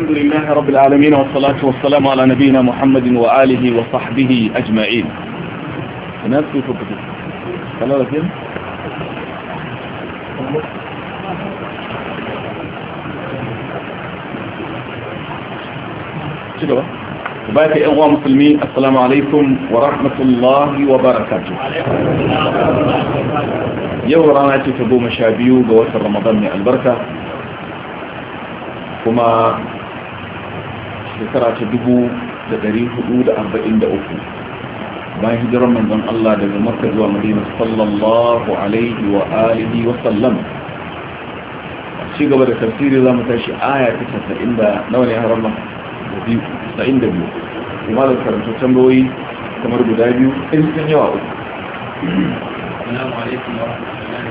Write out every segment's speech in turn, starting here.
الحمد لله رب العالمين والصلاة والسلام على نبينا محمد وآله وصحبه أجمعين الناس في فقط خلال كده شكرا بايك يا اخوان المسلمين السلام عليكم ورحمة الله وبركاته يو راناتي تبو مشابيو بوسط رمضان من البركة كما shekara ta dubu da ɗari hudu da arba'in da uku bayan hijirar manzon Allah daga Makka zuwa Madina sallallahu alaihi wa alihi wa sallam ci gaba da tafsiri za mu tashi aya ta casa'in da nawa ne haram da biyu sa'in da biyu kuma da karanta tambayoyi kamar guda biyu in sun yawa uku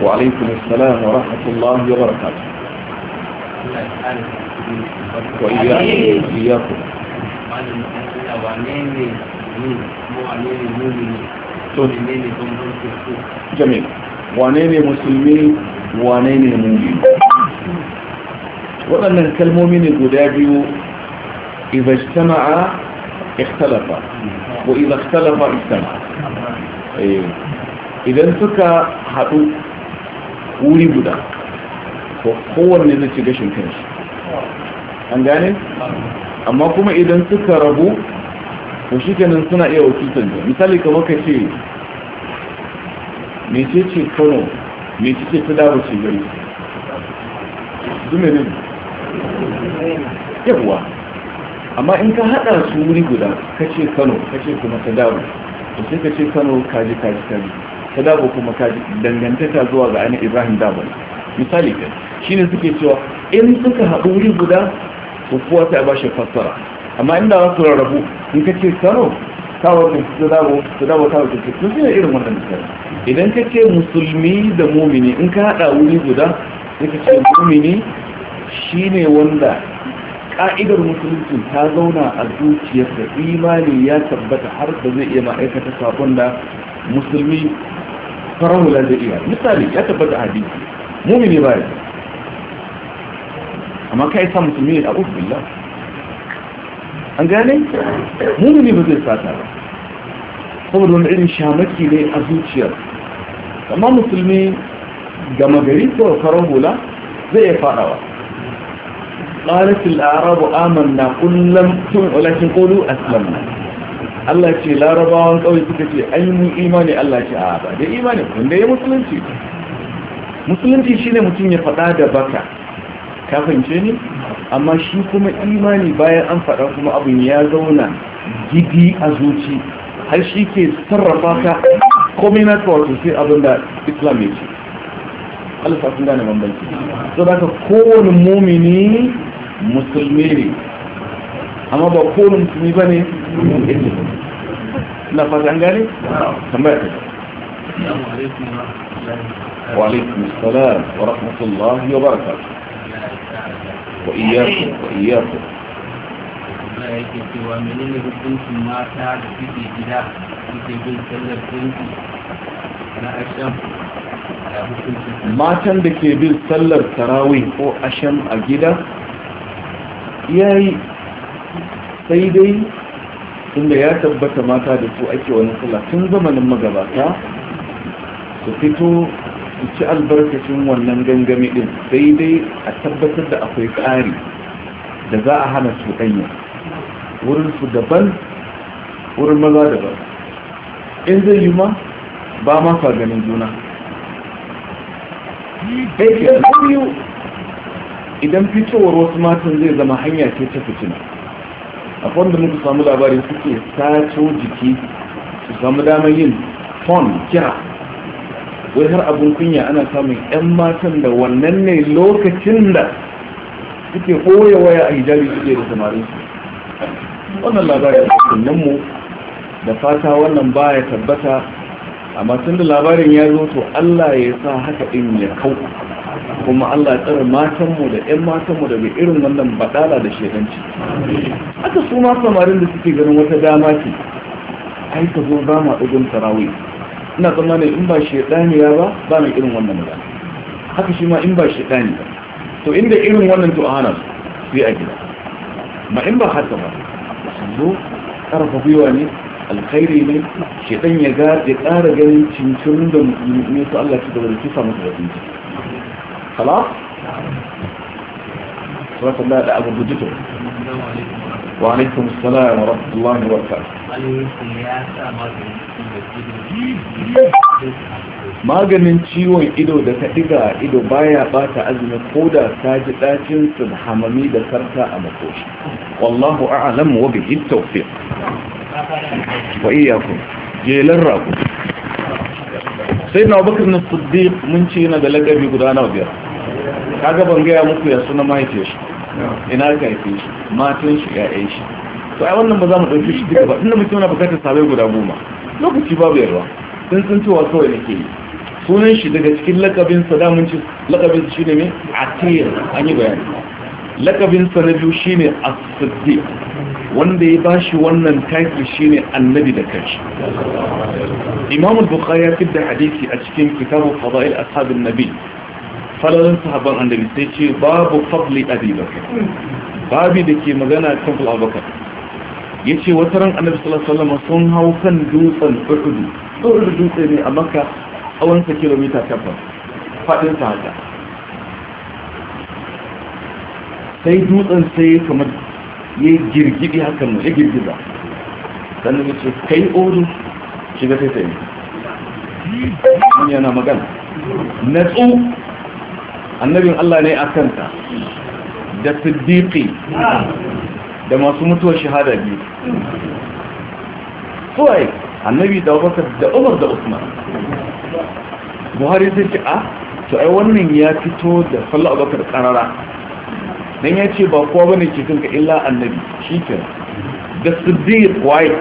wa alaikum assalam wa rahmatullahi wa barakatuh jamil wane ne musulmi wane ne mumin waɗannan kalmomi ne guda biyu iza istama'a ikhtalafa ko iza ikhtalafa eh, idan suka haɗu wuri guda kowanne zai ci gashin kanshi an gane amma kuma idan suka rabu ko shi kenan suna iya wakiltar da misali kamar ka ce mece ce kano mece ce ta dawo ce gari zumerin yawwa amma in ka hada su wuri guda ka ce kano ka ce kuma ta dawo Ka ce ka ce kano kaji kaji kaji ta dawo kuma kaji dangantaka zuwa ga ainihin ibrahim dawo misali ɗin shi ne suke cewa in suka haɗu wuri guda ko kowa ta ba shi fassara amma inda za su rarrabu in ka ce sano kawo su dawo su dawo kawo su ce sun suna irin wannan misali idan ka ce musulmi da mumini in ka haɗa wuri guda sai ka ce mumini shi ne wanda ka'idar musulunci ta zauna a da imani ya tabbata har da zai iya ma'aikata sabon da musulmi farawula zai iya misali ya tabbata hadisi mumini ba ya amma kai sa musulmi ne a billah an gane mumini ba zai sata ba saboda wani irin shamaki ne a zuciyar amma musulmi gama gari ko karon hula zai iya faɗawa. fadawa قالت الأعراب na قل tun تؤمن ولكن قولوا أسلمنا Allah ce larabawan kawai suka ce an yi imani Allah ce a ba da imani kun da ya musulunci musulunci shi ne mutum ya faɗa da baka kafince ne amma shi kuma imani bayan an faɗa kuma abin ya zauna gidi a zuci har shi ke sarrafa ka komai na sai abin da islam ya ce alisa sun gane bambanci so da kowane momini musulmi ne amma ba kowane musulmi ba ne na fata an gane tambaya ta وعليكم السلام ورحمة الله وبركاته وإياكم وإياكم Allah yake cewa menene hukuncin mata da suke gida suke bin sallar tanki na asham da hukuncin matan da ke bin sallar tarawih ko asham a gida yayi sai dai tunda ya tabbata mata da su ake wani sallah tun zamanin magabata su fito ci albarkacin wannan gangami din sai dai a tabbatar da akwai tsari da za a hana su ɗanya wurin daban wurin maza daban in zai yi ma ba ma fa ganin juna idan fitowar wasu matan zai zama hanya ce ta fitina a wanda muka samu labarin suke sato jiki su samu damar yin ton kira wai har abin kunya ana samun 'yan matan da wannan ne lokacin da suke koya waya a hijabi suke da samarin su wannan labarin sunanmu da fata wannan baya tabbata amma tun da labarin ya zo to Allah ya sa haka din ya kau kuma Allah ya tsara matanmu da 'yan matanmu daga irin wannan baɗala da shedanci haka su ma samarin da suke ganin wata dama ce ai ka zo ba ma ɗigon tarawih ina tsammani in ba ya ba ba mai irin wannan ba. haka shi ma in ba shaidani ba to inda irin wannan to a hana su sai a gida ma in ba haka ba zo karfa gwiwa ne alkhairi ne shaidan ya ga ya ƙara ganin cincin da musulmi su Allah ci gaba da kisa musu da cincin khalas sallallahu alaihi wa sallam wa alaikum assalam wa rahmatullahi wa barakatuh maganin ciwon ido da ta diga ido baya bata azumi koda ta ji dacin su da hamami da sarka a makoshi wallahu a'lam wa bihi tawfiq wa iyyakum jelan rago sai na bakar na siddiq mun ce yana da lagabi guda nawa biyar kaga ban gaya muku ya suna mahaifiyar shi ina ka haife shi matan shi ya'yan shi to ai wannan ba za mu ɗauki shi duka ba tunda mutum na bukatar sabai guda goma lokaci babu yarwa sun san cewa kawai nake yi sunan shi daga cikin lakabinsa damun ci lakabin shi ne mai atir an yi bayani sa na biyu shi ne asiddi wanda ya ba shi wannan taki shi ne annabi da kanshi imamul bukhari ya fi hadisi a cikin kitabu fada'il ashabin nabi falalin sahaban annabi sai ce babu fadli abubakar babi da ke magana kan abubakar ya ce wata ran annabi sallallahu sun hau kan dutsen uhudu uhudu dutse ne a makka tsawonsa kilomita faɗin ta haka sai dutsen sai kamar ya girgidi hakan ya girgiza sannan ya ce kai uhudu shiga sai sai ne yana magana na tsu annabin allah ne a kanta da siddiqi da masu mutuwar shahada biyu suwaye annabi da abubakar da umar da usman buhari zai ce a ah, to ai wannan ya fito da sallah abubakar karara dan ya ce ba kowa bane ke tunka illa annabi shi ke da siddiq waye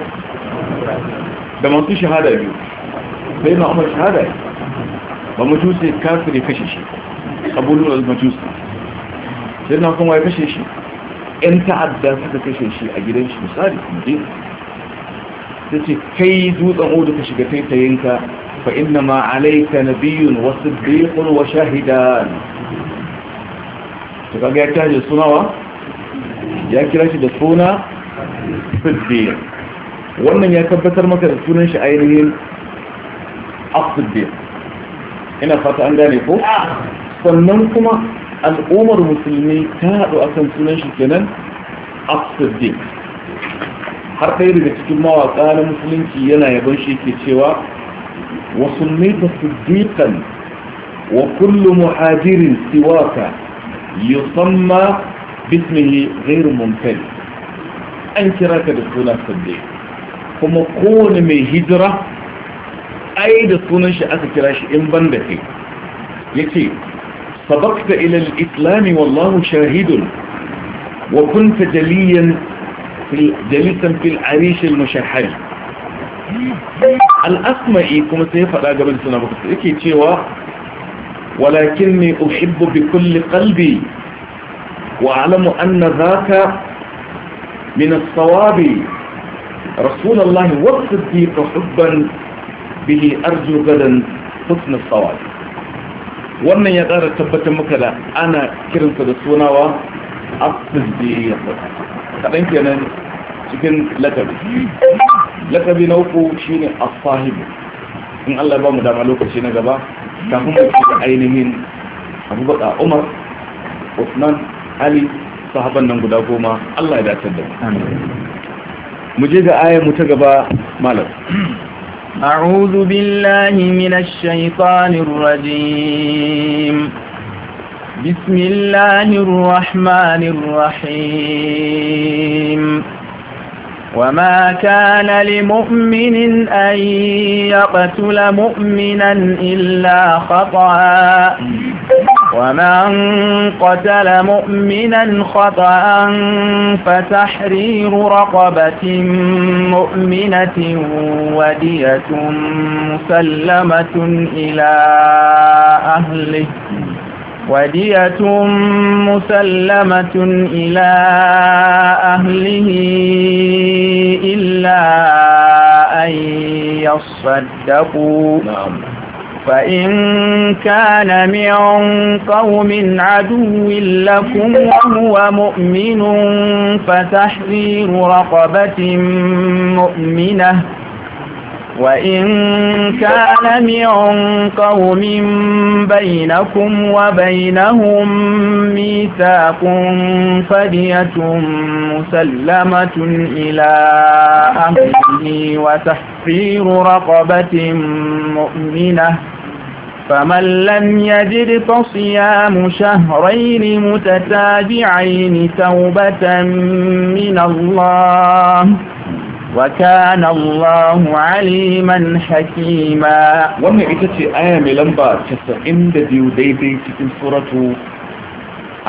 da masu shahada biyu sai na umar shahada ba mutuce kafiri kashe shi abu lura majusi sai na kuma ya kashe shi 'yan ta'adda suka kashe shi a gidan shi misali ɗin? ta ce kai dutsen odu ka shiga tayinka. fa inna ma alaika na biyun wasu bihun wa shahidan ta kaga ya kira shi sunawa ya kira shi da suna siddiq wannan ya tabbatar maka da sunan shi ainihin as ina fata an gane ko ah. sannan kuma al'ummar musulmi ta haɗu kan sunan shi kenan as har ɗaya daga cikin mawaƙa na musulunci yana yaban shi ke cewa wasu mita siddiqan wa kullum muhajirin siwaka yusamma bismihi ghairu munfari an kira ka da suna siddiq kuma kowane mai hijira ai da sunan shi aka kira shi in ban da kai yace سبقت إلى الإسلام والله شاهد وكنت جليا في جليسا في العريش المشحل الأسماء كما سيفعل أجابة سنة بكتر إكي تيوا ولكني أحب بكل قلبي وأعلم أن ذاك من الصواب رسول الله والصديق حبا به أرجو غدا حسن الصواب wannan ya tsara tabbatar maka da ana kiransa da sunawa asibiriya kaɗan kenan cikin lakabi lakabi na uku shi ne asahibu in allah ba mu dama lokaci na gaba kafin mu ci da ainihin abubakar umar usman ali sahaban nan guda goma allah ya dace da mu je ga ayar mu ta gaba malam أعوذ بالله من الشيطان الرجيم بسم الله الرحمن الرحيم وما كان لمؤمن أن يقتل مؤمنا إلا خطأ ومن قتل مؤمنا خطأ فتحرير رقبة مؤمنة ودية مسلمة إلى أهله ودية مسلمة إلى أهله إلا أن يصدقوا نعم فإن كان من قوم عدو لكم وهو مؤمن فتحرير رقبة مؤمنة وإن كان من قوم بينكم وبينهم ميثاق فدية مسلمة إلى أهله وتحرير رقبة مؤمنة فمن لم يجد فصيام شهرين متتابعين توبة من الله وكان الله عليما حكيما ومن اتتي آية ملنبا تسعين دديو ديدي تتن سورة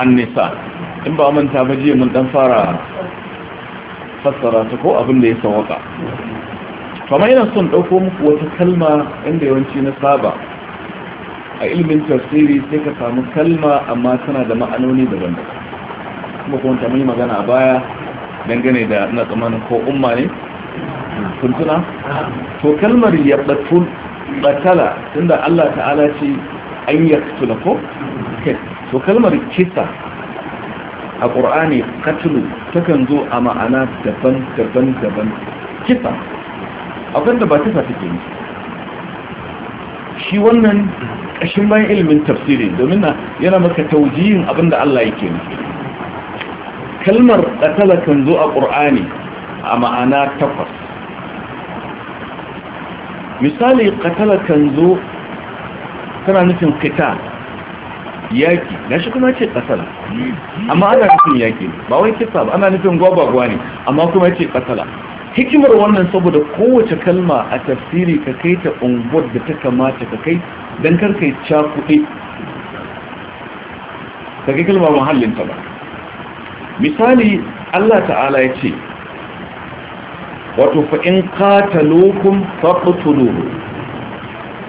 النساء انبا من تابجي من دنفارا فسرا تقو ابن دي سوقا فما ينصن اوكم وتكلم عند يونتي نصابا a ilimin tafsiri sai ka samu kalma amma tana da ma'anoni daban kuma kuma ta mai magana a baya dangane da na tsamanin ko umma ne tuntuna, to kalmar ya batun batala tunda Allah ta'ala ce an ya tuna ko to kalmar kisa a ƙur'ani katulu takan zo a ma'ana daban daban daban kisa abinda ba kisa take ne shi wannan ƙashin bayan ilimin tafsiri domin yana maka taujiyin abinda Allah yake nufi kalmar ƙatala kan zo a ƙur'ani a ma'ana takwas misali ƙatala kan zo tana nufin fita yaƙi na shi kuma ce ƙasala amma ana nufin yaƙi ba wai kisa ba ana nufin gwabagwa ne amma kuma ce ƙasala hikimar wannan saboda kowace kalma a tafsiri ka kai ta unguwar da ta kamata ka kai don karka yi cakuɗe daga kalmar mahallinta ba misali Allah ta'ala ya ce wato fa'in katalokun faɓutulu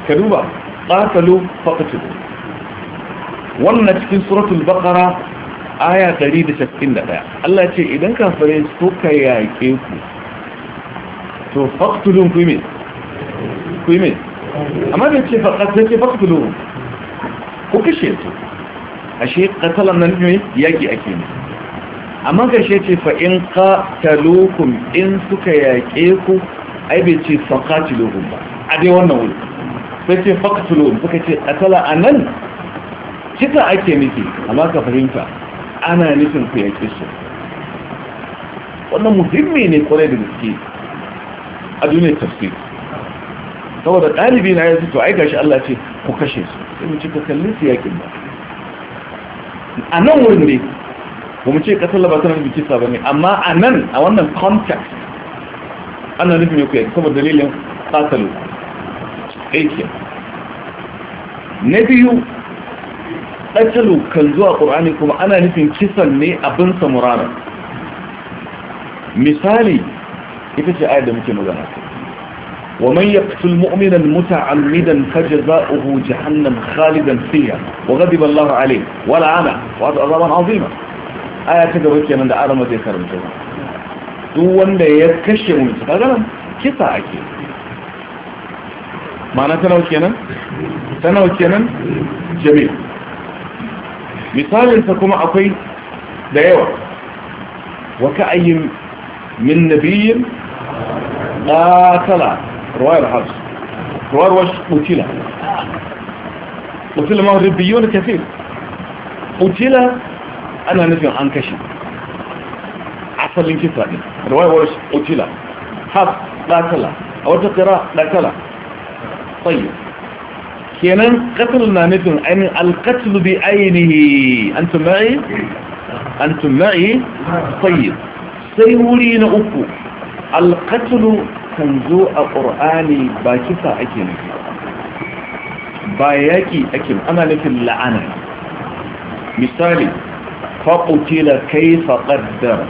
ka duba ƙatalo faɓutulu wannan cikin suratul baƙara aya 191 Allah ce idan kafare suka yaƙe ku to faɓutulun ku yi mai amma bai ce faƙa sai ce faƙa ko kashe su ashe ƙasalan nan ne yaƙi ake ne amma kashe ce fa in fa'in ƙatalukum in suka yaƙe ku ai bai ce faƙatilukum ba a dai wannan wuri sai ce faƙatilukum suka ce ƙasala a nan kisa ake nufi amma ka fahimta ana nufin ku yaƙe su wannan muhimmi ne kwarai da gaske a duniyar tafsiri saboda ɗalibi na ya zuto ai gashi Allah ce ku kashe su sai mu ce ka kalli su yakin ba a nan wurin ne ba mu ce ka sallaba ta nufin kisa ba ne amma a nan a wannan context ana nufin ne ku yaki saboda dalilin ƙasalu aikin na biyu ɗajalu kan zuwa ƙur'ani kuma ana nufin kisan ne abin samurana misali ita ce ayar da muke magana ta ومن يقتل مؤمنا متعمدا فجزاؤه جهنم خالدا فيها وغضب الله عليه ولا ولعنا وهذا أضابا عظيما آية تقول من دعا رمضي كرم جزا دو أن يكشي مؤمنا فقال كيف أكي معنى تنو كينا تنو كينا جميل مثال تكون أقوي دعوة وكأي من نبي قاتلات رواية الحبس رواية الوش قتلة قتلة مغربيون كثير قتلة أنا نفي عن كشي عسل انكسر رواية الوش قتلة حبس قاتلة أو تقراء قاتلة طيب kenan katil na nufin ainihin alkatil bi ainihi an tuma'i أنتم معي tsayi sai wuri na uku alkatilu kan zo a ƙur'ani ba kisa ake nufi ba yaƙi ake ana nufin la'ana misali faƙutila kai faƙaddara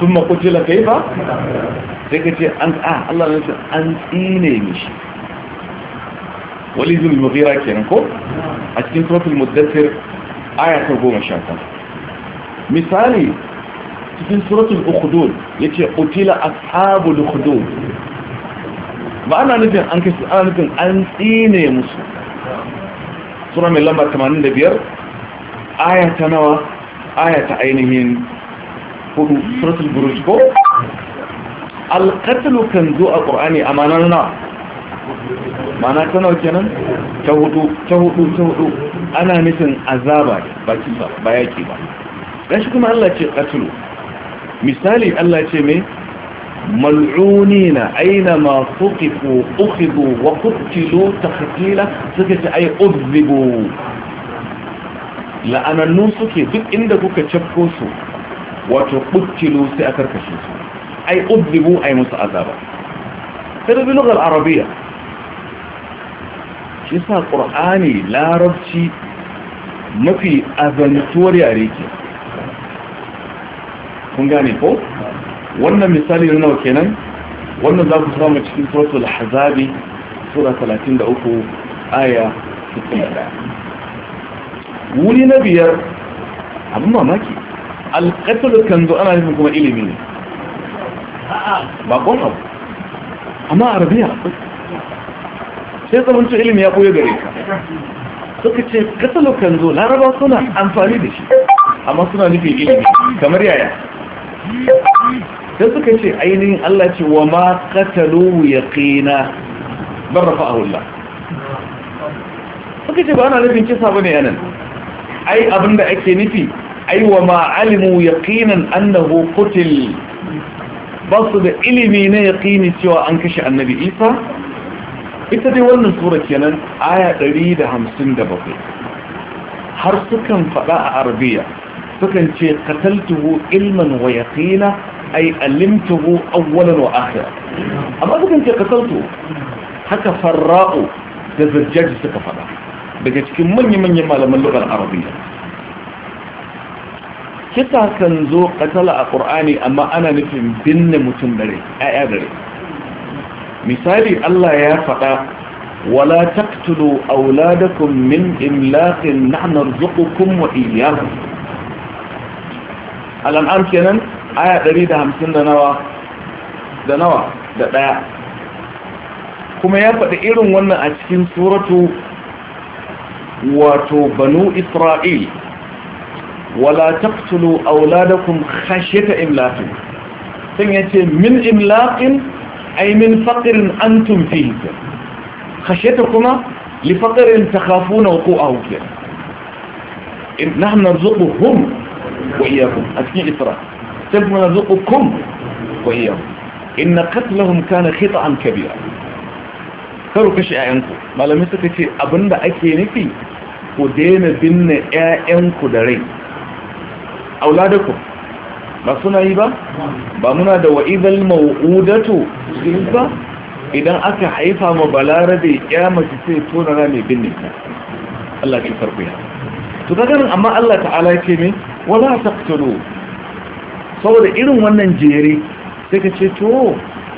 sun maƙutila kai ba? sai ka ce an a Allah nufin an tsine mishi walizin mughira kenan ko a cikin suratul muddathir aya ta goma sha misali cikin suratul ukhdud yace qutila ashabul ukhdud ba ana nufin an kashe ana nufin an tsine musu sura mai lamba 85 aya ta nawa aya ta ainihin hudu suratul buruj ko alƙatalu kan zo a ƙur'ani a manar na mana ta nawa kenan ta hudu ta hudu ta hudu ana nufin azaba ba ba yaki ba ɗan shi kuma Allah ce qatlu misali Allah ce mai mal'unina aina ma suqifu ukhidu wa qutilu taqtila suka ce ai uzibu la'anannu suke duk inda kuka cafko su wato qutilu sai aka karkashe su ai uzibu ai musu azaba sai bi lugar arabiya shi sa qur'ani larabci mafi azantuwar yare ke kun gane ko wannan misali na nawa kenan wannan za ku samu cikin suratul hazabi sura 33 aya 61 wuri na biyar abin mamaki alƙasar kan zo ana nufin kuma ilimi ne ba ƙon abu amma arabiya sai zamanci ilimi ya ɓoye gare ka suka ce ƙasar kan zo laraba suna amfani da shi amma suna nufin ilimi kamar yaya sai suka ce ainihin Allah ce wa ma ya yaqina bar Allah suka ce ba ana nufin kisa bane yanan ai abinda ake nufi ai wa ma alimu yaqinan annahu qutil su da ilimi na yaqini cewa an kashe annabi Isa ita dai wannan sura kenan aya ɗari da 157 har sukan faɗa a arabiya sukan ce qataltuhu ilman wa yaqina ai alimtuhu awwalan wa akhira amma sukan ce kasartu haka farra'u da zajjaji suka fada daga cikin manya-manyan malaman lugar arabiya kisa kan zo katala a ƙur'ani amma ana nufin binne mutum dare ayya dare misali allah ya faɗa wala taktulu auladakum min imlaqin nahnu narzuqukum wa iyyakum al'an'am kenan aya 150 da nawa da nawa da daya kuma ya faɗi irin wannan a cikin suratu wato banu isra'il wala taqtulu auladakum khashyata imlaq sun yace min imlaqin ay min faqrin antum fihi khashyatakum li faqrin takhafuna wuqu'ahu nahnu narzuquhum wa iyyakum asmi isra'il ثم نذقكم وإياهم إن قتلهم كان خطأ كبيرا karu kashe ‘ya'yanku malamai suka ce abinda ake nufi ku daina binne ‘ya'yanku da rai auladaku ba suna yi ba ba muna da wa'izal ma'udatu ba idan aka haifa ma balarabe ya mace sai tona na mai binne ta Allah farko ya to ta amma Allah ta'ala ya ce ne wala saboda irin wannan jere sai ka ce to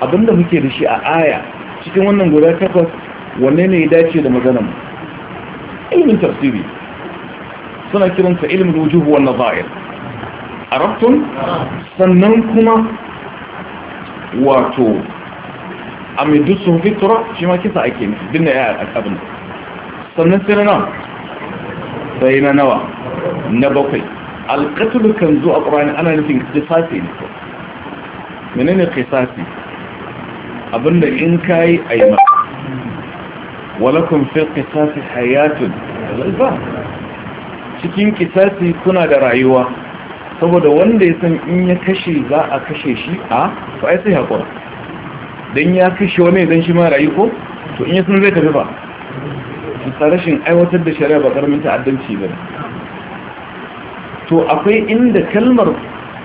abinda muke da shi a aya cikin wannan guda takwas wanne ne ya dace da maganar ilimin tafsiri suna kiransa ilimin rujuhu wannan zahir arabtun sannan kuma wato a mai dusun fitura shi ma kisa ake dinna ya abin sannan sai na nawa sai na nawa na bakwai alƙatul kan zo a ƙurani ana nufin kisasi ne Mene ne kisasi abinda in ka yi a yi maka walakun fi kisasi hayatun zalba cikin kisasi kuna da rayuwa saboda wanda ya san in ya kashe za a kashe shi a to ai sai haƙura don ya kashe wani don shi ma rayu ko to in ya san zai tafi ba su rashin aiwatar da shari'a ba ƙaramin ta'addanci ba to akwai inda kalmar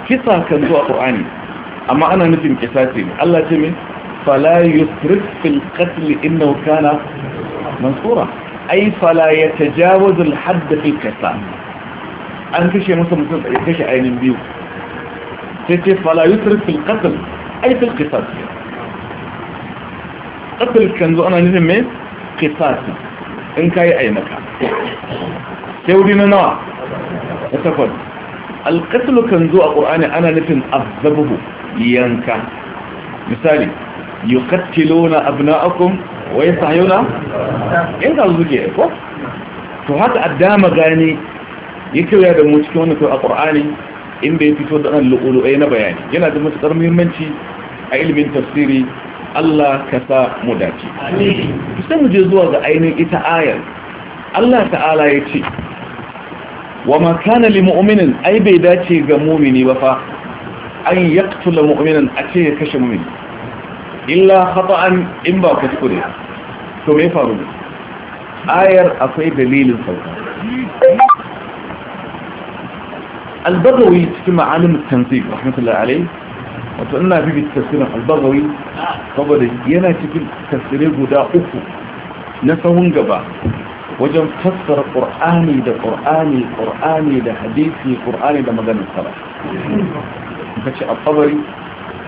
kisa kan zo a ƙwa'ani amma ana nufin kisa ce ne Allah ce min fala yusrif fil qatl innahu kana mansura ay fala yatajawaz al hadd fi kisa an kashe masa mutum da kashe ainin biyu sai ce fala yusrif fil qatl ay fil kisa qatl kan zo ana nufin me kisa in kai ai maka sai wuri na nawa ta takwas kan zo a ƙur'ani ana nufin azabuhu yanka misali yuqattiluna abna'akum wa yastahiyuna in ka zuke ko to haka addama gani yake ya da mu cikin wannan to a ƙur'ani inda ya fito da nan lu'ulu lu'ulu'ai na bayani yana da matuƙar muhimmanci a ilimin tafsiri Allah ka sa mu dace. sai mu je zuwa ga ainihin ita ayar Allah ta'ala ya ce wa ma kana li mu'minin ai bai dace ga mu'mini ba fa an yaqtula mu'minan a ce ya kashe mu'mini illa khata'an in ba kuskure to me faru ayar akwai dalilin sauka al-bagawi cikin ma'alim tanzil rahmatullahi alayhi wato ina bi tafsirin al-bagawi saboda yana cikin tafsirai guda uku na sahun gaba wajen fassara ƙur'ani da ƙur'ani ƙur'ani da hadisi ƙur'ani da maganin sara ka ce a tsabari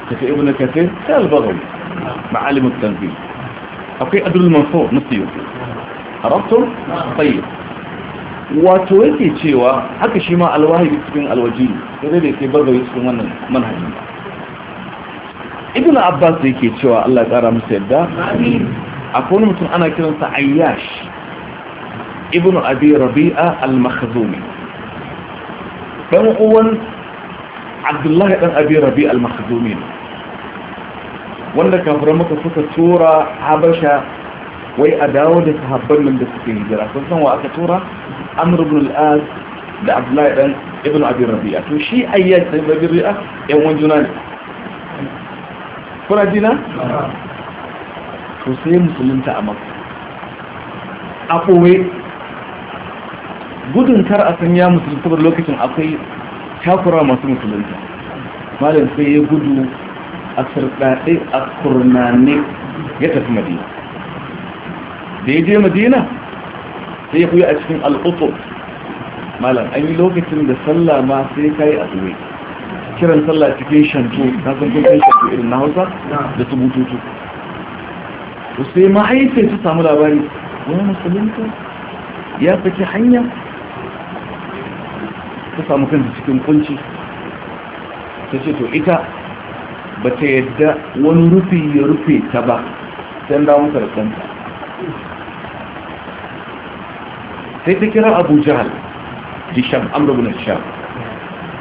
ka ce ibn kafir ta albagawi ma'alimin tanzil akwai adul manso na siyo a rabtun tsaye wato yake cewa haka shi ma alwahi cikin alwaji sai da ke bagawi cikin wannan manhaji ibn abbas yake cewa allah ya kara musu yadda akwai wani mutum ana kiransa ayyash ibn abi rabi'a al-makhzumi dan uwan abdullahi dan abi rabi'a al-makhzumi wanda kafiran maka suka tura habasha wai a dawo da sahabban nan da suke hijira sun san wa aka tura amr ibn al-az da abdullahi dan ibn abi rabi'a to shi ayyan ibn abi rabi'a yan wanjuna ne kuna jina to sai musulunta a makka a gudun kar a sanya ya musulun saboda lokacin akwai takura masu musulunta malam sai ya gudu a sarɗaɗe a kurnane ya tafi madina da ya je madina sai ya kuyi a cikin al'uto malam an yi lokacin da sallah ma sai ka yi a tsuwe kiran sallah cikin shanto na san kun kai shanto irin na hausa da su bututu sai mahaifai su samu labari wani musulunta ya faki hanya ta samu kanta cikin kunci ta ce to ita ba ta yadda wani rufi ya rufe ta ba don dawon sarkanta sai ta kira abu jihar jisham amurbin sham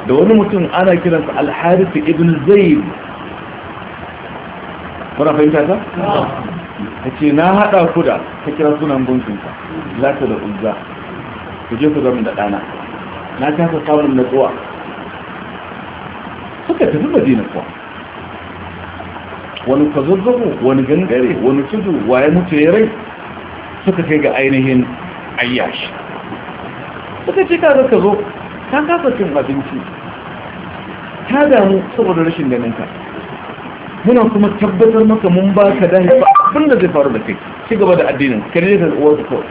da wani mutum ana kiransa alharifu ibn zaib kuna fahimta ta? ta ce na haɗa ku ta kira sunan gunkinsa lati da uzza ku je ku zama da ɗana na kasa samun natsuwa suka tafi madina kuwa wani kwazazzabo wani gangare wani tudu waye mutu ya rai suka kai ga ainihin ayyashi suka ce ka zaka zo ta kasa cin abinci ta damu saboda rashin ganinka muna kuma tabbatar maka mun ba ka dahi ba abin da zai faru da kai ci gaba da addinin kare da uwar da kawai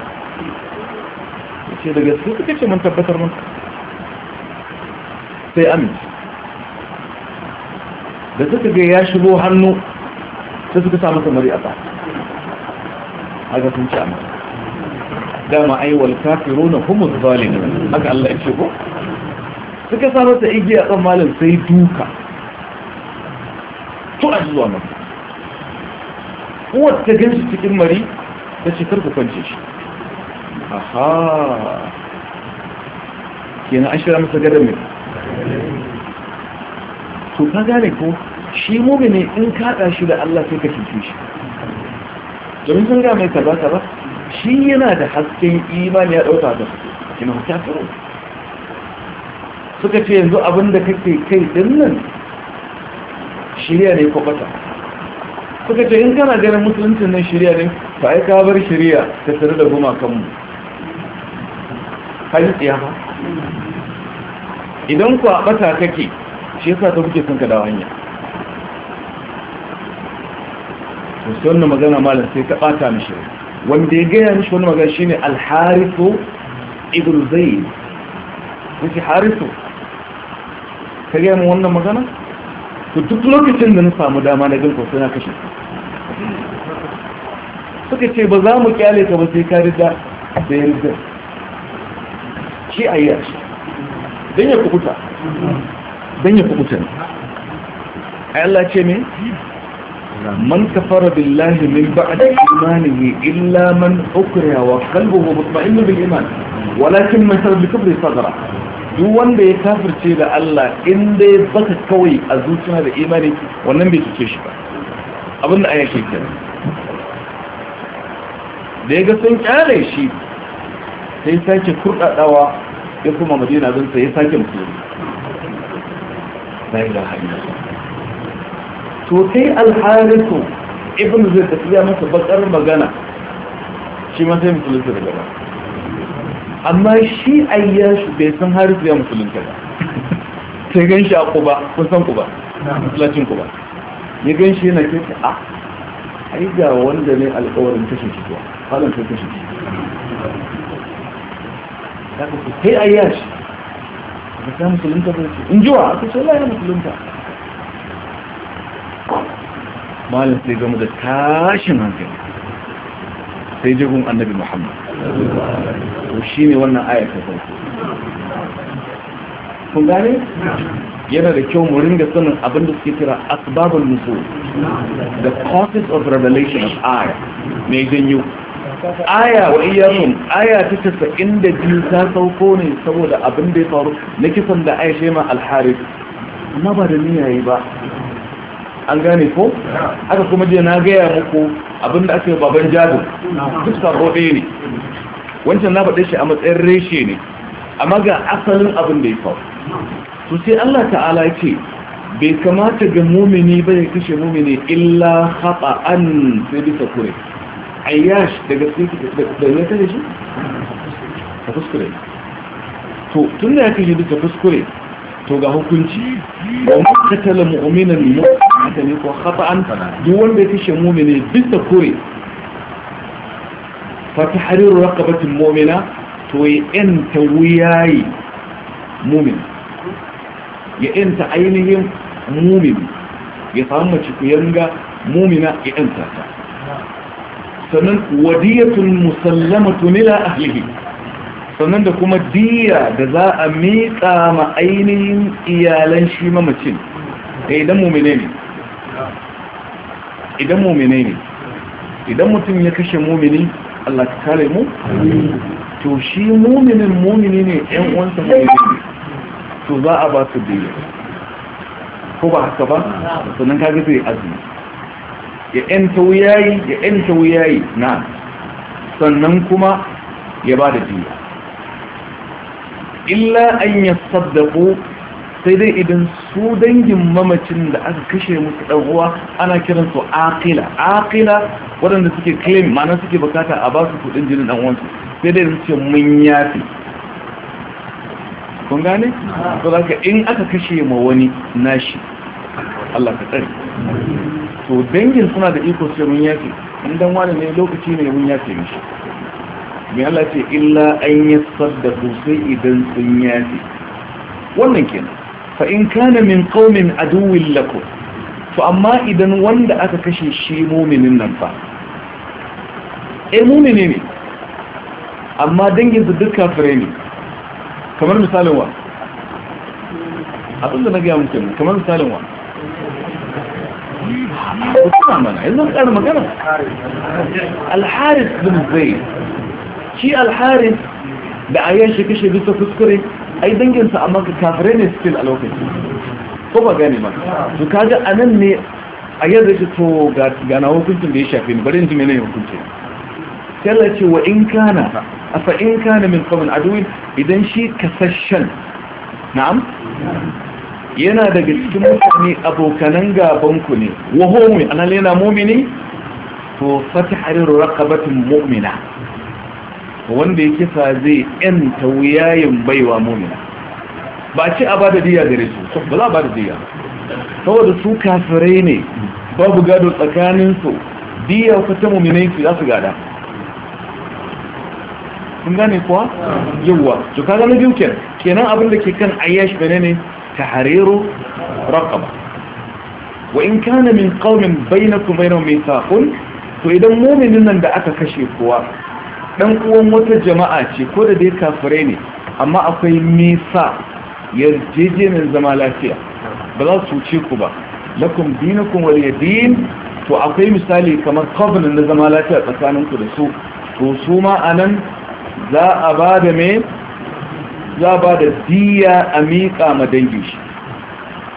ce daga suka ce mun tabbatar maka sai amince da suka ga ya shigo hannu sai suka samu samari a ba haka sun ci amince dama aiwal kafiru na kuma zalimin haka Allah ya ce ko suka sa masa igiya kan tsammanin sai duka to a zuwa mafi uwar ta gan shi cikin mari ta ce karku kwanci shi aha kenan an shirya masa gadon mai to ka gane ko shi ne in kaɗa shi da Allah sai ka cuce shi domin sun ga mai kaza kaza shi yana da hasken imani ya ɗauka da kina hukya tsaro suka ce yanzu abin da kake kai din nan shirya ne ko bata suka ce in kana ganin musuluncin nan shirya ne ta ai ka bar shirya ta tare da gumakan mu hajji ba idan ku a bata kake shi yasa ta kuke son ka dawo hanya to sai wannan magana malam sai ta bata mishi wanda ya gaya mishi wannan magana shine al-harisu ibn zayd kace harisu ka gaya mu wannan magana to duk lokacin da na samu dama na ganko sai na kashe suka ce ba za mu kyale ka ba sai ka rida da yarda shi a yi a shi don ya kubuta don ya kubuta ne a ce ne man kafara billahi min ba'da imanihi illa man ukriya wa qalbuhu mutma'innu bil iman walakin man sarra bi kubri sadra duk wanda ya kafirce da Allah in dai baka kawai a zuciya da imani wannan bai cike shi ba abin da ayyake ke da ya ga sun kyale shi sai sake kurdadawa ya kuma madina zan sai ya sake musulmi la ilaha illallah to sai alharisu ibn zai tafiya masa bakar magana shi ma sai musulunta da gaba amma shi ayyashi bai san harisu ya musulunta ba sai gan shi a kuba kusan kuba musulacin kuba ya gan shi yana kyauta a ah, ai ga wanda ne alkawarin kashe shi kuwa halin kashe shi da ka sai a yi yashi da ta musulunta ba ce in jiwa aka ce laya musulunta malin sai gama da tashin hankali sai jigun annabi muhammad to shi ne wannan ayata farko kun gane yana da kyau mu ringa sanin abin da suke kira asbabul nuzul the causes of revelation of aya mai janyo aya wa iyakun aya ta tasa'in inda biyu ta sauko ne saboda abin da ya faru na kisan da aisha ma alharis amma ba da niyayi ba an gane ko aka kuma je na gaya muku abin da aka yi baban jado duk sabo ɗaya ne wancan na faɗe shi a matsayin reshe ne amma ga asalin abin da ya faru to sai Allah ta'ala ce bai kamata ga mumini ba ya kashe mumini illa haɓa an sai bisa kure ayyash daga da shi ta fuskure to tun da ya kashe duka fuskure to ga hukunci ba mu katala mu'minan mu haka ne ko khata'an duk wanda ya kashe mu'mini bisa kure fa tahriru raqabatin mu'mina to ya yanta wuyayi mu'min ya yanta ainihin mu'min ya samu mu'mina ya yanta ta sannan wadiyatul musallamatu mila ahlihi sannan da kuma diya da za a miƙa ma ainihin iyalan shi mamacin eh, idan mumine ne idan mumine ne idan mutum ya kashe mumini Allah ta kare mu to shi muminin mumini ne ɗan uwansa mumini to za a ba su diya ko ba haka ba sannan ka gaza azumi ya ɗanta wuyayi ya ɗanta wuyayi na sannan kuma ya ba da jiya illa an ya saddaƙo sai dai idan su dangin mamacin da aka kashe musu ɗan'uwa ana kiransu aƙila. Aƙila waɗanda suke claim ma'ana suke bukata a basu su kudin jinin ɗan'uwansu sai dai su ce mun yafi kun gane? ba za ka in aka kashe ma wani nashi Allah ka tsari to dangin suna da iko sai mun yafe in dan wani ne lokaci ne mun yafe mishi mai Allah ce illa an yasaddaqu sai idan sun yafe wannan kenan fa in kana min qaumin aduwwin lakum to amma idan wanda aka kashe shi muminin nan fa eh mumini ne amma dangin su duk kafire ne kamar misalin wa abinda na gaya mutum kamar misalin wa ku tuna mana yanzu ƙara magana alharis bin zai shi alharis da ayyan shi kashe bisa kuskure ai danginsa amma ka kafare ne still a lokaci ko ba gane ba su kaga a nan ne a yadda shi to gana hukuncin da ya shafi ni bari in ji menene hukuncin sai ce wa in kana a fa in kana min qawmin aduwin idan shi kasashen na'am yana daga cikin mutane abokanan gabanku ne wa homi anan yana mumini to fatihar raqabatin mu'mina wanda ya kisa zai ta wuyayen baiwa mumina ba ce a ba da diya gare su ba za a da diya saboda su kafirai ne babu gado tsakaninsu diya ta muminai su za su gada Sun gane kuwa yawwa to kaga na biyu kenan abin da ke kan ayyash bane ne تحرير رقبة وإن كان من قوم بينكم بينهم ميثاق فإذا da أن دعك kuwa dan uwan wata jama'a ce ko da dai kafirai ne amma akwai nisa yarjejeniyar zama lafiya ba za su ce ku ba lakum dinukum wal yadin to akwai misali kamar covenant na zama lafiya tsakanin ku da su to su ma anan za a ba da me za ba da diya a miƙa ma dangin shi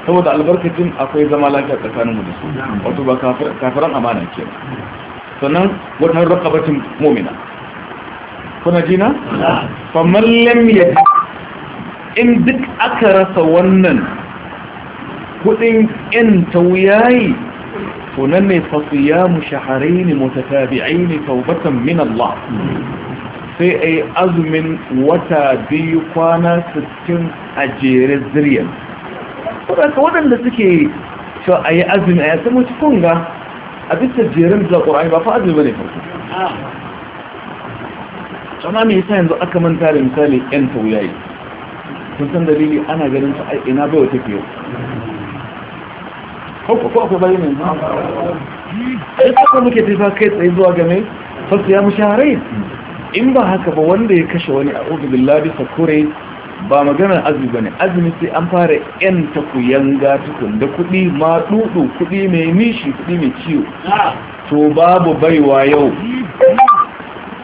saboda albarkacin akwai zama lafiya tsakanin mu da su wato ba kafiran amana ke sannan wannan rakabatin momina kuna jina? famar lamya in duk aka rasa wannan kudin in tauyayi to nan ne fasiyamu shahararri ne mutatabi'ai ne taubatan min Allah sai a yi azumin wata biyu kwana 60 a jere ziriyar waɗanda waɗanda suke cewa a yi azumi a yasa mace kunga a bisa jerin da ƙorani ba fa azumin ba ne farko sama mai sa yanzu aka manta da misali yan tauyayi kun san dalili ana ganin ta ina bai wata fiye ko akwai bayan yanzu ya kuma muke tafa kai tsaye zuwa game fasu ya mu shaharai in ba haka ba wanda ya kashe wani a da Ladi sakurai ba maganar azumi ba ne azumi sai an fara yan takuyan tukun da kuɗi ma dudu kuɗi mai nishi kuɗi mai ciwo to babu baiwa yau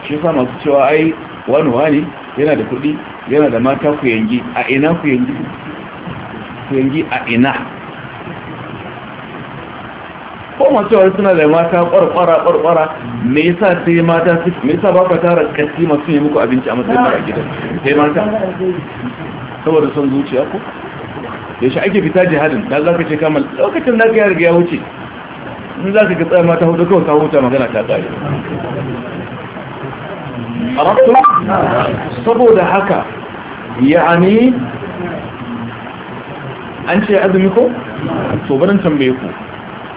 shi sa masu cewa ai wani wani yana da kuɗi yana da mata ku yangi a ina ku a ina ko masu suna da mata ƙwarƙwara ƙwarƙwara me yasa sai mata su me yasa ba ka tara kasi masu yi muku abinci a matsayin mara gida sai mata saboda son zuciya ko ya shi ake fita jihadin da za ka ce kamar lokacin da ka riga ya wuce in za ka ga tsaya mata hudu kawai ka huta magana ta tsari saboda haka ya'ani an ce azumi ko? to barin tambaye ku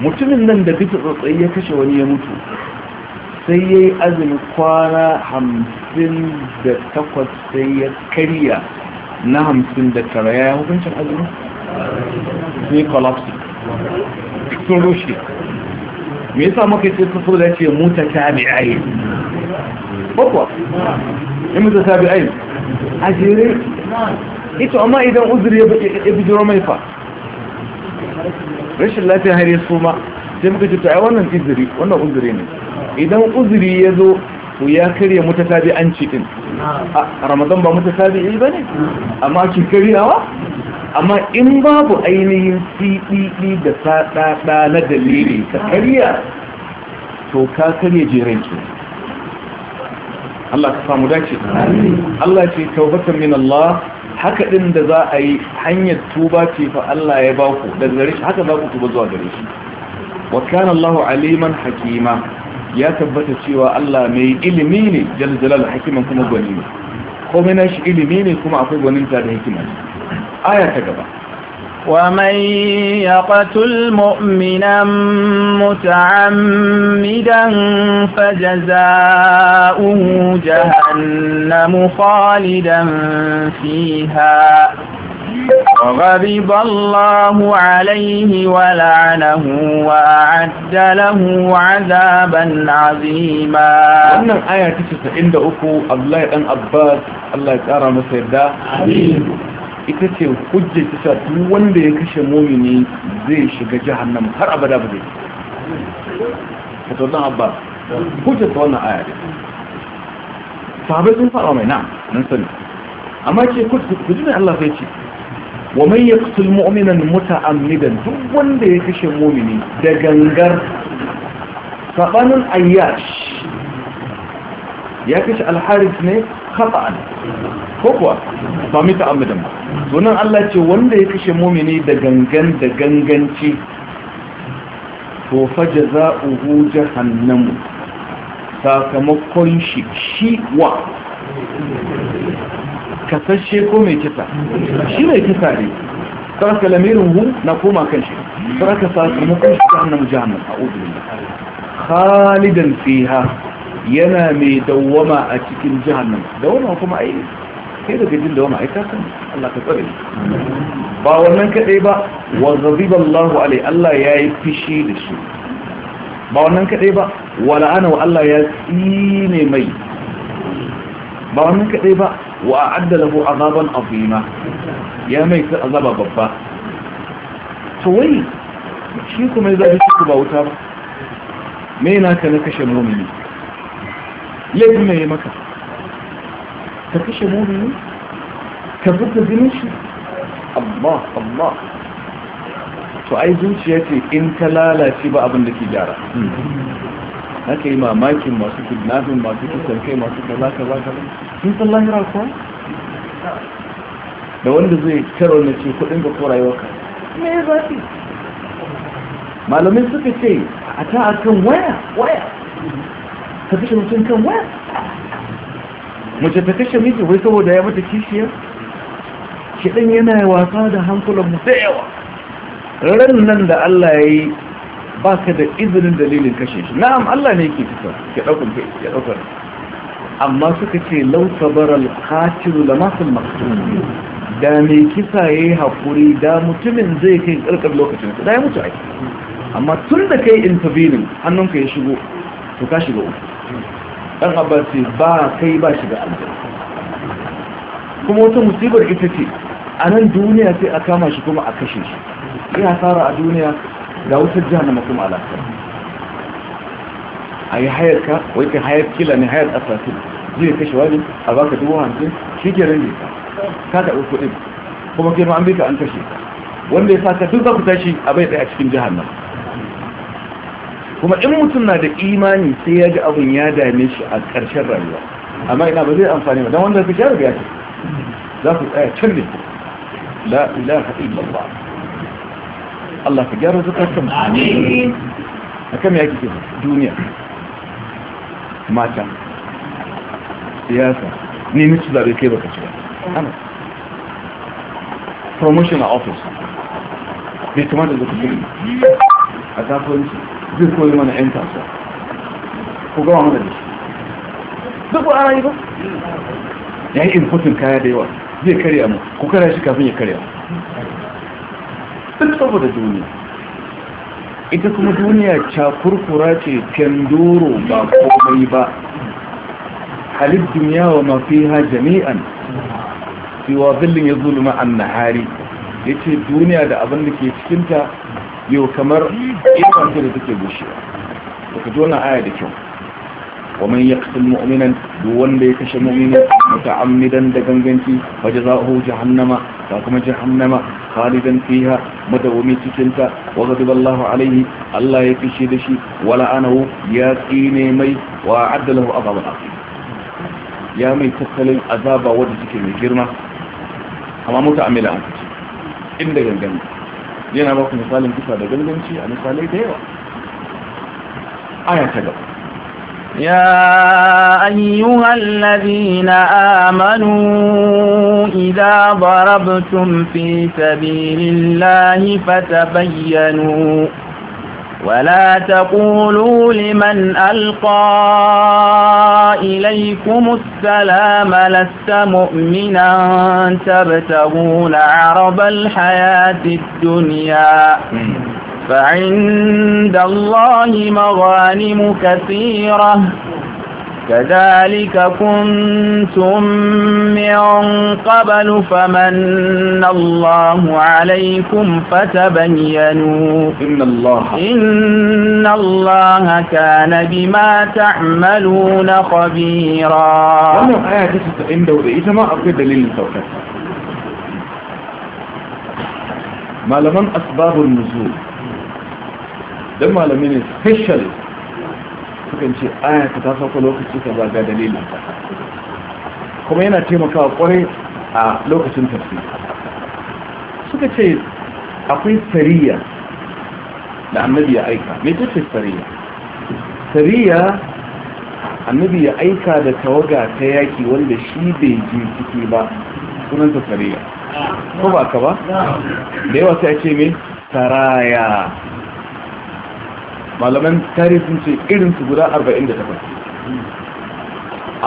mutumin nan da fita tsotsai ya kashe wani ya mutu sai ya yi azumi kwana hamsin da takwas sai ya karya na hamsin da tara ya hukuncin azumi sai kolapsi sun rushe me yasa muka ce su da ce muta tabi'ai bakwa in muta tabi'ai a jere ita amma idan uzuri ya bijiro mai fa rashin lafiya har ya suma sai muka cuta, wannan uzuri wannan uzuri ne idan uzuri ya zo to ya karya an din a ramadan ba tabi ba ne? amma ki karyawa amma in babu ainihin cdd da sadada na dalili ka karya to ka karya jeren ki Allah ka samu dace Allah ce tawbatan min Allah haka ɗin da za a yi hanyar tuba ce fa Allah ya ba daga gare shi haka za ku tuba zuwa gare shi wa kana Allah aliman hakima ya tabbata cewa Allah mai ilimi ne jaljalal hakiman kuma gwani ne komai shi ilimi ne kuma akwai gwaninta da hikima aya ta gaba ومن يقتل مؤمنا متعمدا فجزاؤه جهنم خالدا فيها وغضب الله عليه ولعنه وأعد له عذابا عظيما وانا آية تشتا عند أكو الله يتن أباد الله يتعرى مسيدا عظيم ita ce hujjar ta sa duk wanda ya kashe momini zai shiga jihannan har abada ba zai ka tozan abba hujjar ta wannan aya sahabai sun fara mai na nan sani amma ce ku ne Allah zai ce wa man yaqtul mu'minan amnidan duk wanda ya kashe momini da gangar sabanin ayyash ya kashe alharis ne khata'an ko kuwa ba mita amidan ba sunan Allah ce wanda ya kashe mumini da gangan da ganganci to fa jaza'uhu jahannam sakamakon shi shi wa kasashe ko mai kisa shi mai kisa ne saraka lamirin hu na koma kan shi saraka sakamakon shi jahannam a a'udhu ne. khalidan fiha yana mai dawama a cikin jahannam Dawama kuma a yi. kai daga jin dawwama ai ka san Allah ka tsare ba wannan kadai ba wa ghadiba Allahu alai Allah ya yi fishi da shi ba wannan kadai ba wa la'ana wa Allah ya tsine mai ba wannan kadai ba wa a'adda lahu azaban azima ya mai sai azaba babba to wai shi kuma zai ci ba wuta ba me na ka na kashe mumini laifin ne ya maka ka kashe mumini ka fita zinin shi Amma Amma to ai zuciya ce in ta lalace ba abin da ke gyara haka yi mamakin masu kidnapping masu kusan kai masu kaza kaza kaza sun san lahira kuwa da wanda zai karo na ce kudin ga yau waka me ya zafi malamai suka ce a ta akan waya waya ka fi mutum kan waya mace ta kashe miji wai saboda ya mata kishiya kiɗan yana wasa da hankulan mu yawa ran nan da Allah ya yi ba ka da izinin dalilin kashe shi na'am Allah ne ke fita ya ɗaukar ya ɗaukar amma suka ce lausa baral hatiru da masu da mai kisa ya yi haƙuri da mutumin zai kai ƙarƙar lokacin da ya mutu aiki amma tun da kai intervening hannunka ya shigo to ka shiga uku ɗan abbas ce ba kai ba shiga aljanna kuma wata musibar ita ce a nan duniya sai a kama shi kuma a kashe shi ya fara a duniya ga wutar na kuma alaƙa a yi hayar ka wai ka hayar kila ne hayar asasin zai kashe wani a baka dubu hamsin shi ke rage ka ka taɓa ɗin. kuma kai ma an bai ka an kashe ka wanda ya sa ka duk za ku tashi a bai tsaye a cikin jihar nan. kuma in mutum na da imani sai ya ga abin ya dame shi a ƙarshen rayuwa amma ina ba zai amfani ba don wanda fi shi ya ce za ku tsaya can ne la ilaha illallah Allah ka gyara zukatan amin akan ya kike duniya mata siyasa ni ni su zabe kai baka ci ba ana promotion a office bai kamata da kuke a kasuwanci zai koyi mana yan kasuwa ko gawa mana da shi duk ba a rayu ba ya yi inputin kaya da yawa zai karya mu ko karya shi kafin ya karya duk saboda duniya ita kuma duniya cakurkura ce kendoro ba komai ba halin duniya wa mafi ha jami'an siwa zillin ya zulu an nahari ya ce duniya da abin da ke cikinta yau kamar ikon ta da take bushe da ka tona aya da kyau wa man ya kasar mu'aminan da wanda ya kashe mu'aminan mata amidan da ganganci waje za a hu ji hannama ba kuma ji hannama halidan fiha madawami cikinta waga da ballahu alaihi Allah ya fi da shi wala ana ya tsine mai wa adalahu a babu haƙi ya mai tattalin azaba wadda suke mai girma amma mutu amila a kaci inda ganganci yana ba ku misalin kisa da galganci a misalai da yawa ayata gaba ya ayyuhal ladina amanu idza darabtum fi sabilillahi fatabayyanu ولا تقولوا لمن ألقى إليكم السلام لست مؤمنا تبتغون عرب الحياة الدنيا فعند الله مغانم كثيرة كذلك كنتم من قبل فمن الله عليكم فتبينوا إن الله إن الله كان بما تعملون خبيرا وما آية ما أقول دليل التوفيق ما لمن أسباب النزول لما لمن فشل sukan ce aya ta ta sauka lokaci ka zaga dalilin ta kuma yana taimakawa kwarai a lokacin tafiya. suka ce akwai sariya da annabi ya aika me ce sariya sariya annabi ya aika da tawaga ta yaki wanda shi bai ji ciki ba sunanta sariya ko ba ka ba da yawa sai a ce me saraya malaman tarihi sun ce irin su guda 48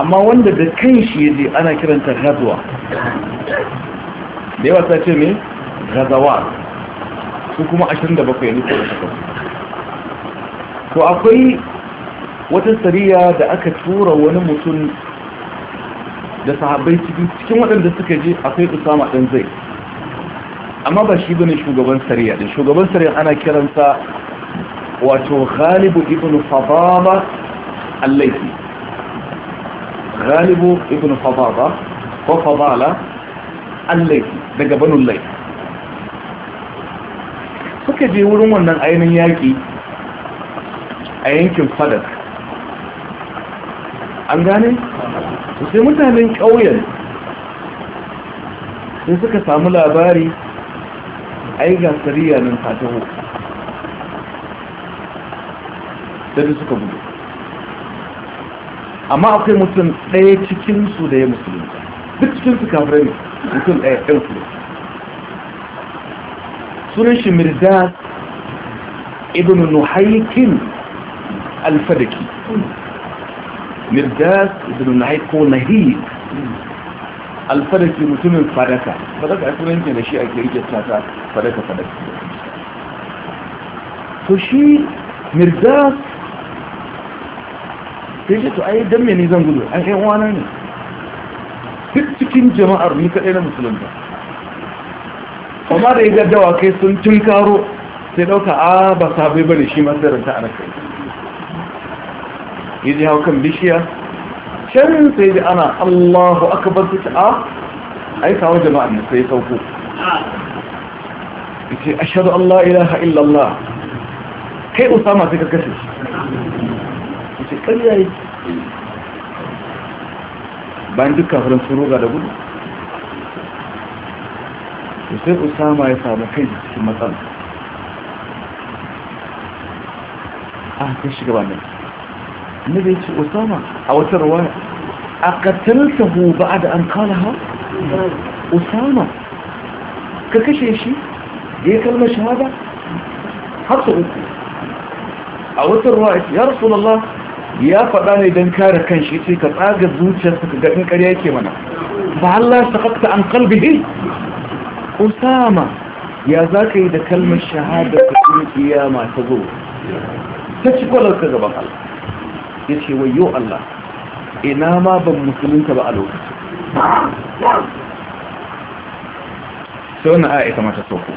amma wanda da kan shi ya je ana kiranta gazawa da yawa ta ce ne gazawa su kuma 27 ya nufo da takwas to akwai wata tsariya da aka tura wani mutum da sahabbai cikin waɗanda suka je akwai usama ɗan zai amma ba shi bane shugaban sariya din shugaban sariya ana kiransa wato ghalibu ibn fadaba al-laythi ghalibu ibn fadaba ko fadala al-laythi daga banu layth suka je wurin wannan ainihin yaki a yankin fadak an gane sai mutanen ƙauyen sai suka samu labari ai ga sariya nan ta taho sai duk suka gudu amma akwai mutum ɗaya cikinsu da ya musulunci duk cikinsu kafirai mutum ɗaya ɗan su sunan shi mirdas ibn nuhaikin alfadaki mirdas ibn nuhaik ko nahik alfadaki mutumin fadaka fadaka a turanci da shi ake rike tata fadaka fadaka to shi mirdas sai ce to ai dan me ni zan gudu an ɗan uwana ne duk cikin jama'ar ni kaɗai na musulunta amma da ya gaddawa kai sun tun karo sai ɗauka a ba sabai bane shi ma sai ranta a kai yi ji hau kan bishiya shan sai da ana allahu akabar su ta'a ai kawo jama'ar ne sai sauko ce ashadu allah ilaha illallah kai usama sai ka kashe ce ƙarya yi bayan duk kafirin sun roga da gudu da sai usama ya samu kai cikin matsala a ta shiga ba mai nabi ce usama a wata rawaya a katalta hu ba da an kala ha usama ka kashe shi da ya kalmar shahada har uku a wata rawaya ya rasu lallah ya faɗa ne don kare kan shi sai ka tsaga zuciyarsa ka gaɗin ƙarya ke mana ba Allah ta fakta an kalbihi usama ya za ka yi da kalmar shahada ka cikin kiyama ta zo ta ci kwalarka gaban Allah ya ce wayo Allah ina ma ban musulunta ba a lokaci. sai na aya ita mata sauko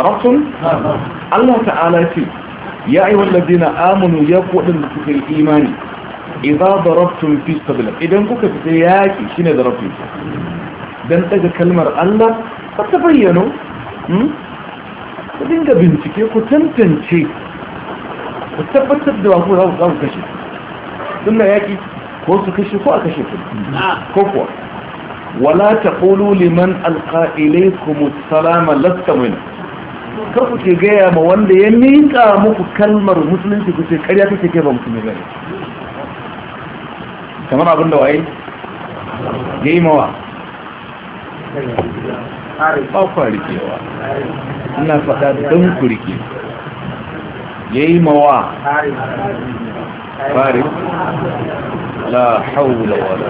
a Allah ta'ala ce ya yi ayyuhal ladina amanu ya ku wadanda suka yi imani idza darabtum fi sabilillah idan kuka fita yaki shine darabtum Don ɗaga kalmar Allah ba ta tabayyano ku dinga bincike ku tantance ku tabbatar da ku za ku kashe sun na yaƙi ko su kashe ko a kashe ku ko kuwa wala taqulu liman alqa ilaykum salama lasta minna kar ku ke gaya ma wanda ya miƙa muku kalmar musulunci ku ce karya ta ke ba musulmi ba ne kamar abin da waye ya yi mawa ba kwa rikewa ina faɗa don ku rike ya yi mawa fari la haula wala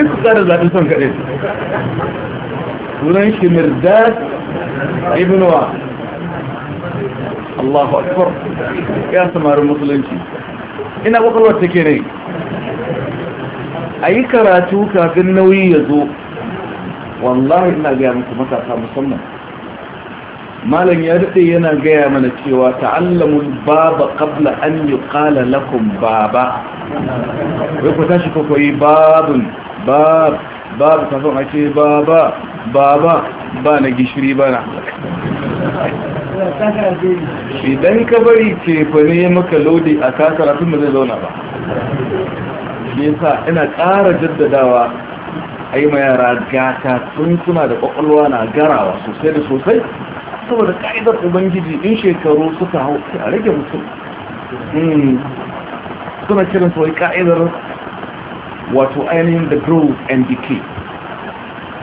duk tsada zaɗin son kaɗai sunan shi mirdad ibn wa Allahu akbar ya samarin musulunci ina kwakwalwar take ne a yi karatu kafin nauyi ya zo wallahi ina gaya mata matasa musamman malam ya daɗe yana gaya mana cewa ta'allamun baba kabla an yi ƙala lakon baba wai ku tashi kwakwai babin bab babu ta son ake baba baba ba na gishiri bana. idan ka bari cefa ne maka lodi a kasaratun ba zai zauna ba yasa ina ƙara jaddadawa a yi yara gata sun suna da ƙwaƙwalwa na garawa sosai da sosai saboda ƙa'idar ubangiji in shekaru suka hau a rage mutum hmm. suna kiran su wai ka'idar wato ainihin the growth and decay.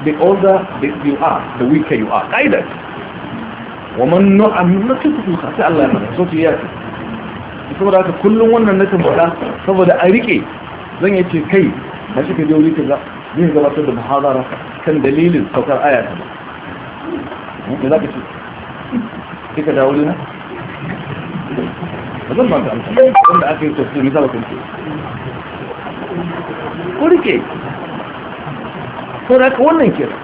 The older you are, the weaker you are. min ومن نعمته sai Allah ya so ce ya ce saboda haka kullum wannan na tambaya saboda a rike zan yace kai ba shi ka je wuri kaza zai gabatar da muhadara kan dalilin saukar aya ta me za ka ce sai ka dawo na ba zan ba ka amsa wanda aka yi tafsir misali ce kurke to da wannan kira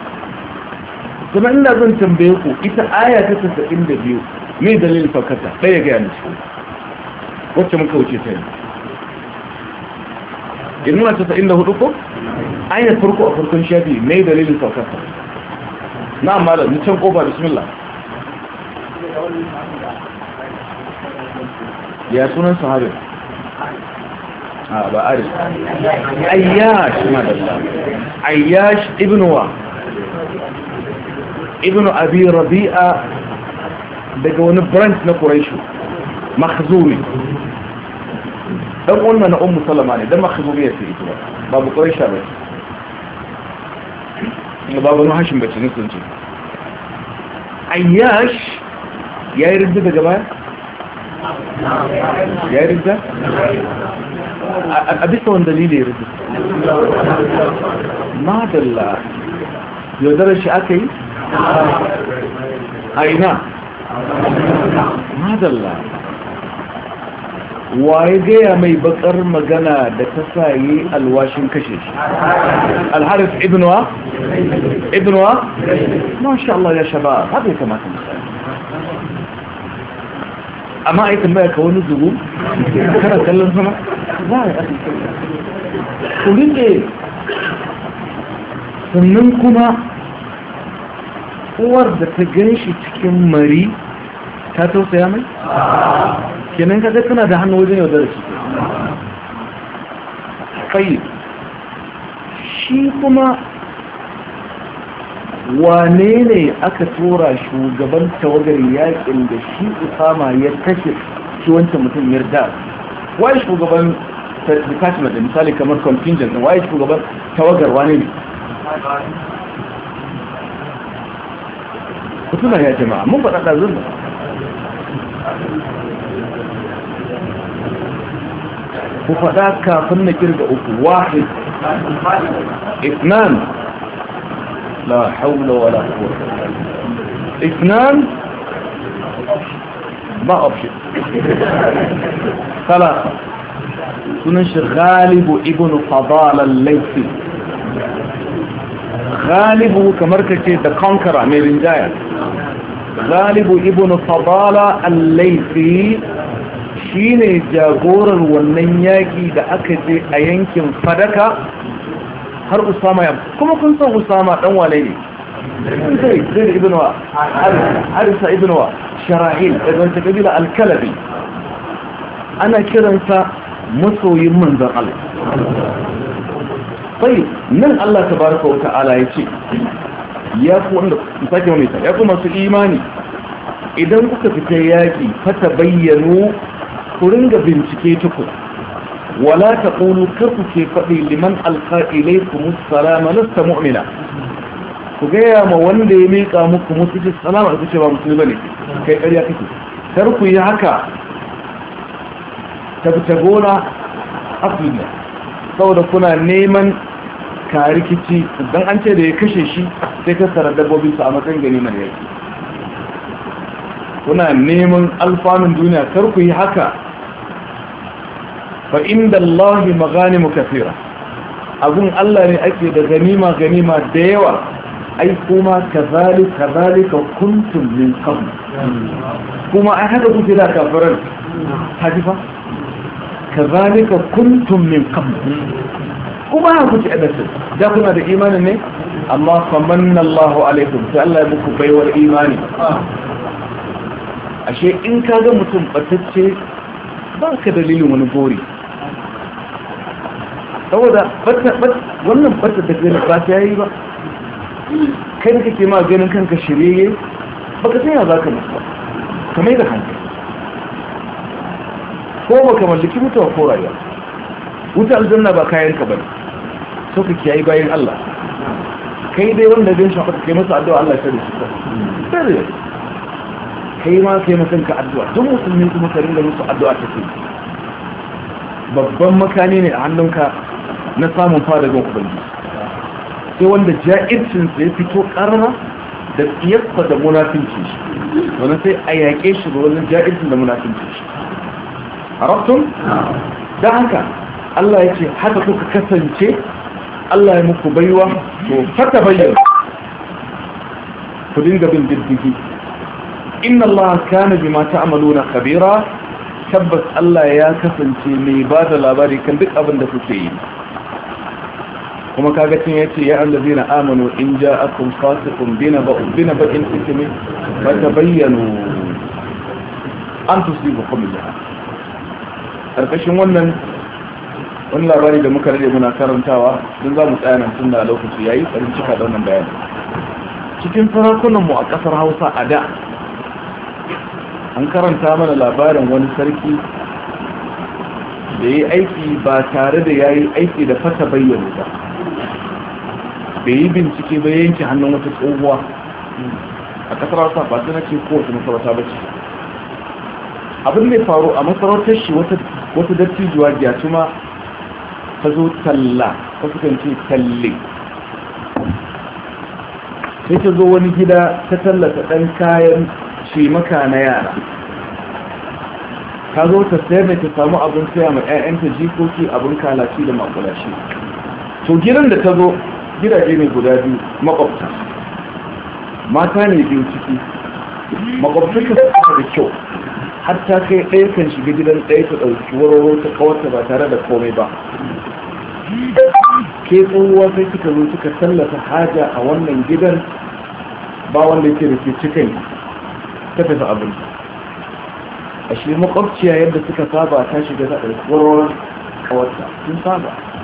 kuma ina zan tambaye ku ita aya ta 92 mai dalil fakata ɗaya ga yanzu wacce muka wuce ta yi? yanzu ilmuna 94 ko aya farko a farkon shafi mai dalilin fakata na malam ni can kofa bismillah ya sunan sahabin a ba arif ayyash madalla ayyash ibn wa Ibnu abi rabi'a daga wani branch na quraishu makhzumi dan wannan na ummu salama ne dan makhzumi ya ce ita babu quraisha ba ne babu na hashim ce ne sun ce ayyash ya yi rinda daga baya يارب ده أبيت من دليل يارب ما دل يودر الشيء أين ما دل وايجي أمي بطر مغانا دتساي الواشن كشيش الحارف ابنوا ابنوا ما شاء الله يا شباب هذه كما تنسى amma a yi tambaya ka wani zubu kana kallon sama za a yi ku rike sannan kuma uwar da ta gan shi cikin mari ta tausaya mai? kenan ka tana da hannu wajen da shi Kai shi kuma wane ne aka tura shugaban tawagar yakin da shi usama ya tashi shi wancan mutum mirda waye shugaban detachment da misali kamar contingent waye shugaban tawagar wane ne kutuna ya jama'a mun faɗa ɗazin ku faɗa kafin na kirga uku wahid isnan لا حول ولا قوة اثنان ما أبشر ثلاثة سننش غالب ابن فضال الليثي غالب كمركة the conqueror ميرين جاية غالب ابن فضال الليثي shine jagorar wannan yaki da aka je a yankin fadaka har usama ya kuma kun san usama dan wane ne zai ibn wa harisa ibn wa shara'il ibn ta kabila al-kalabi ana kiransa masoyin manzan Allah sai nan Allah tabaraka wa ta'ala ce ya ku wanda sake mai ya ku masu imani idan kuka fita yaki fata bayyano ku ringa bincike tukuna wala ta ƙulu karku ke faɗi liman alka ilaikum salama lasta mu'mina ku gaya ma wanda ya miƙa muku musu ce salama a kuce ba musulmi bane kai ƙarya kake karku yi haka tabta gona afirka saboda kuna neman karikici don an ce da ya kashe shi sai ka sarar dabbobinsa a matsayin gani mai yaki kuna neman alfanun duniya karku yi haka fa inda Allah maganimu kafira abin Allah ne ake da ganima ganima da yawa ai kuma ka kazalik ka kuntun min qabl kuma ai haka kuke da kafiran hadifa ka kuntun min qabl kuma haka kuke da su da kuna da imanin ne amma famanna Allahu alaikum sai Allah ya muku baiwar imani ashe in ka ga mutum batacce ba ka dalilin wani gori saboda wannan fata da gani ba ta yi ba kai da kake ma ganin kanka shirye ba ka sanya za ka mutu ka mai da hankali ko ba kamar ka mallaki mutuwa ko rayuwa wuta aljanna ba kayan ka bane so ka kiyaye bayan Allah kai dai wanda zai shafa ka kai masa addu'a Allah ta dace ka sai kai ma kai masa ka addu'a don musulmi kuma ka ringa musu addu'a ta kai babban makani ne a hannunka na samun fada ga ubangiji sai wanda ja'ircinsa ya fito karara da tsiyarsa da munafinci shi wani sai a yaƙe shi da wani ja'ircin da munafinci shi a rabtun da haka Allah ya ce haka kuka kasance Allah ya muku baiwa to fata bayyana ku dinga bin diddigi inna Allah kana bima na Kabira. tabbas Allah ya kasance mai ba da labari kan duk abin da kuke yi kuma kaga cin yace ya allazina amanu in ja'akum fasiqun binaba'in ba ismi fatabayyanu an tusibukum jahan arkashin wannan wani labari da muka rade muna karantawa don za mu tsaya nan tun da lokaci yayi tsarin cika da wannan bayani cikin sarakunan mu a kasar Hausa a da an karanta mana labarin wani sarki da ya aiki ba tare da ya yi aiki da fata bayyana ba bai yi bincike bai yanke hannun wata tsohuwa a kasar wata ba ta nake kowace masarauta ba ce abin da ya faru a masarautar shi wata dattijuwa tuma ta zo talla ta sukan ce talle sai ta zo wani gida ta tallata ɗan kayan cimaka na yara ta zo ta sayar mai ta samu abin saya ma 'ya'yanta jikoki abin kalaci da makulashi to gidan da ta zo gidaje ne guda biyu makwabta mata ne biyu ciki ta suna da kyau har ta kai ɗaya kan shiga gidan ɗaya ta ɗauki warwaro ta kawata ba tare da komai ba ke tsohuwa sai suka zo suka tallata haja a wannan gidan ba wanda yake da ke cikin ta tafi abin a shi makwabciya yadda suka saba ta shiga ta ɗauki warwaro kawata sun saba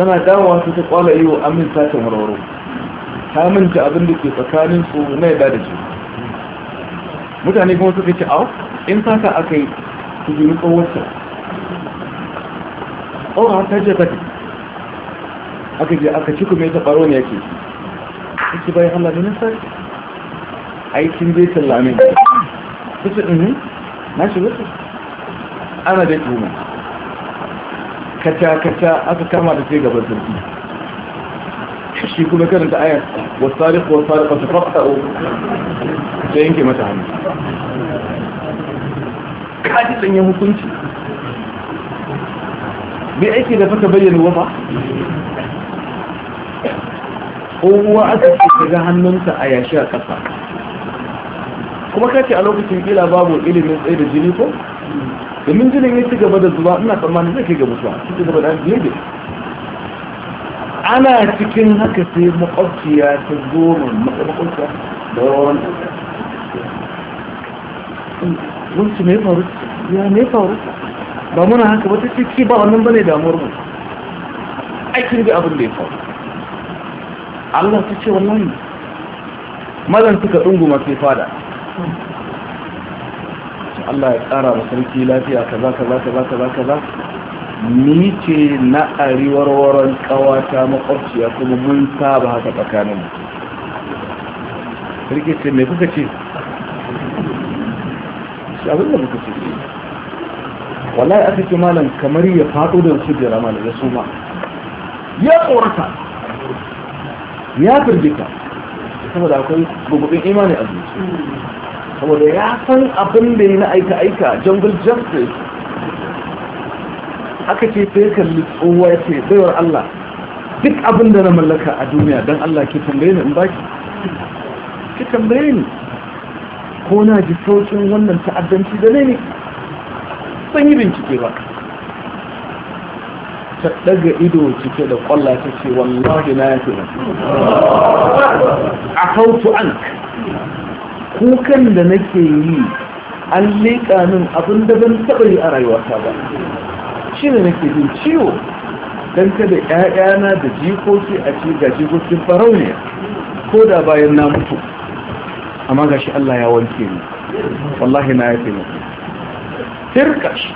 tana dawowa su ta kwala iyo amin satin warwaro ta minta abin da ke tsakanin su na yada da ji mutane kuma suka ce au in sata aka yi su jini tsawarsa tsawar har ta ce ta aka je aka ci kuma ya ta ɓaro ne yake suke bayan allah ne nasa aikin zai sallame su ce mhm, na shi wasu ana da kuma. kata-kata aka kama da sai gaban sarki shi kuma karanta aya wasari ko wasari ko tafafta o sai yanke mata hannu kaji danyen hukunci bai aiki da fata bayyana wafa uwa aka ce daga hannunta a yashi a ƙasa kuma kace a lokacin kila babu ilimin tsaye da jini ko domin jinin ya ci gaba da zuwa ina tsammanin zai kai gaba mutuwa shi ci gaba da jirgin ana cikin haka sai makwabciya ta goma makwabciya da rawan wancan mai faru ya mai faru ba muna haka wata ciki ba wannan bane damuwar mu aikin da abin da ya faru Allah ta ce wannan mazan suka dunguma masu fada Allah ya ƙara wa sarki lafiya kaza kaza kaza kaza kaza ni ce na arewar waran kawata makwabciya kuma mun saba haka tsakaninmu sarki ce mai kuka ce shi abin da muka ce wallahi aka ce malam kamar ya faɗo da su da rama da suma ya tsorata ya firgita saboda akwai gugubin imani a saboda ya san abin da yi na aika-aika jungle justice aka ce sai kalli tsohuwa ya ce baiwar Allah duk abin da na mallaka a duniya don Allah ke tambaye ni in baki ki tambaye ni ko na ji saukin wannan ta'addanci da ne ne ban yi bincike ba ta daga ido cike da kwalla ta ce wallahi na ya fi a kautu an kukan da nake yi an leƙa min abin da ban taɓa yi a rayuwata ba shi ne nake jin ciwo don kada 'ya'yana da jikoki a ce ga jikokin farauniya ko da bayan na mutu amma ga shi Allah ya wanke ni wallahi na ya fi mutu firka shi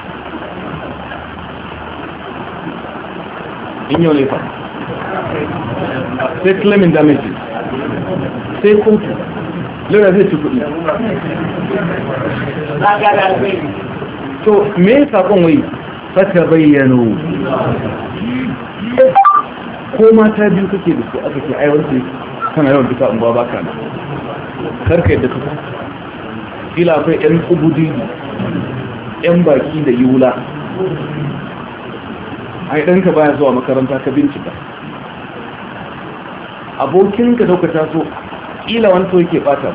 in yau ne fa sai claiming damages sai kotu lura zai ci kuɗi to me ya wai fata bayyano ko mata biyu kake da su aka ke aiwar su kana yawan duka in ba ba kana karka yadda ka kila akwai yan kubudi yan baki da yula ai ɗanka baya zuwa makaranta ka bincika abokinka da ka kila wani so yake bata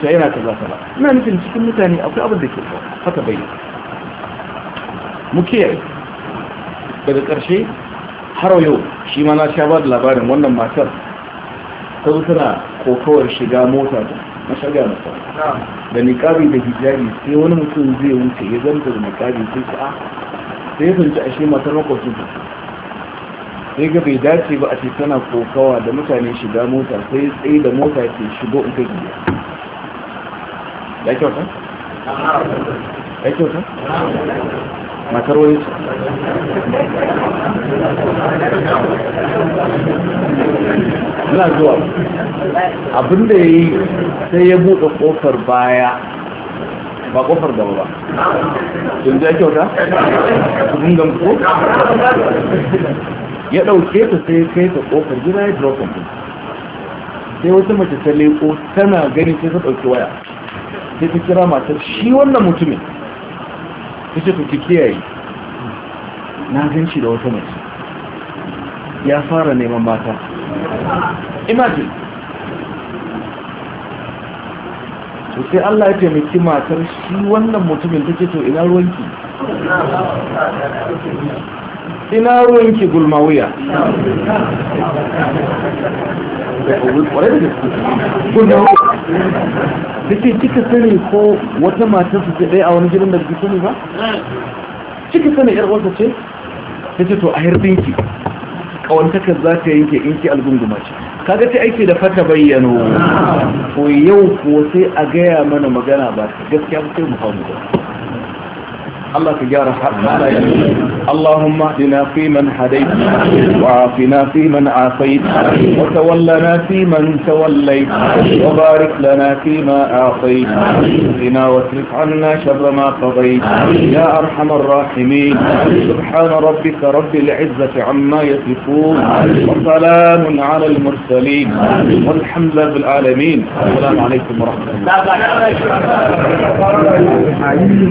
ta yana ta zata ba ina nufin cikin mutane akwai abin da ke haka bai mukiyar daga ƙarshe har yau shi ma na sha ba da labarin wannan matar ta zo tana kokowar shiga mota da shaga mata da niƙabi da hijabi sai wani mutum zai wuce ya zanta da niƙabi sai ta ah. sai ya a ashe matar makokin ta sai ga bai dace ba a ce tana kokawa da mutane shiga mota sai tsaye da mota ke shigo in kai gida ya kyauta? ya kyauta? matar wani su na zuwa abinda ya yi sai ya buɗe ƙofar baya ba ƙofar gaba ba sun ya kyauta? su dinga ya ɗauke ta sai kai ta ƙofar gida ya drop on sai wata mace ta leko tana gani sai ta ɗauki waya sai ta kira matar shi wannan mutumin ta ce ki kiyaye na gan shi da wata mace ya fara neman mata imagine to sai Allah ya taimaki matar shi wannan mutumin ta ce to ina ruwanki ina ruwanki gulma wuya take kika sani ko wata matar su ɗaya a wani gidan da su sani ba cika sani yar wata ce ta ce to a harbinki kawantaka za ta yanke in ki algunguma ce kaga ta aiki da fata bayyano ko yau ko sai a gaya mana magana ba gaskiya ba sai mu hamu ba الله تجارة حق اللهم اهدنا فيمن هديت وعافنا فيمن عافيت وتولنا فيمن توليت وبارك لنا فيما أعطيت اهدنا واصرف عنا شر ما قضيت يا أرحم الراحمين سبحان ربك رب العزة عما يصفون وسلام على المرسلين والحمد لله بالعالمين السلام عليكم ورحمة الله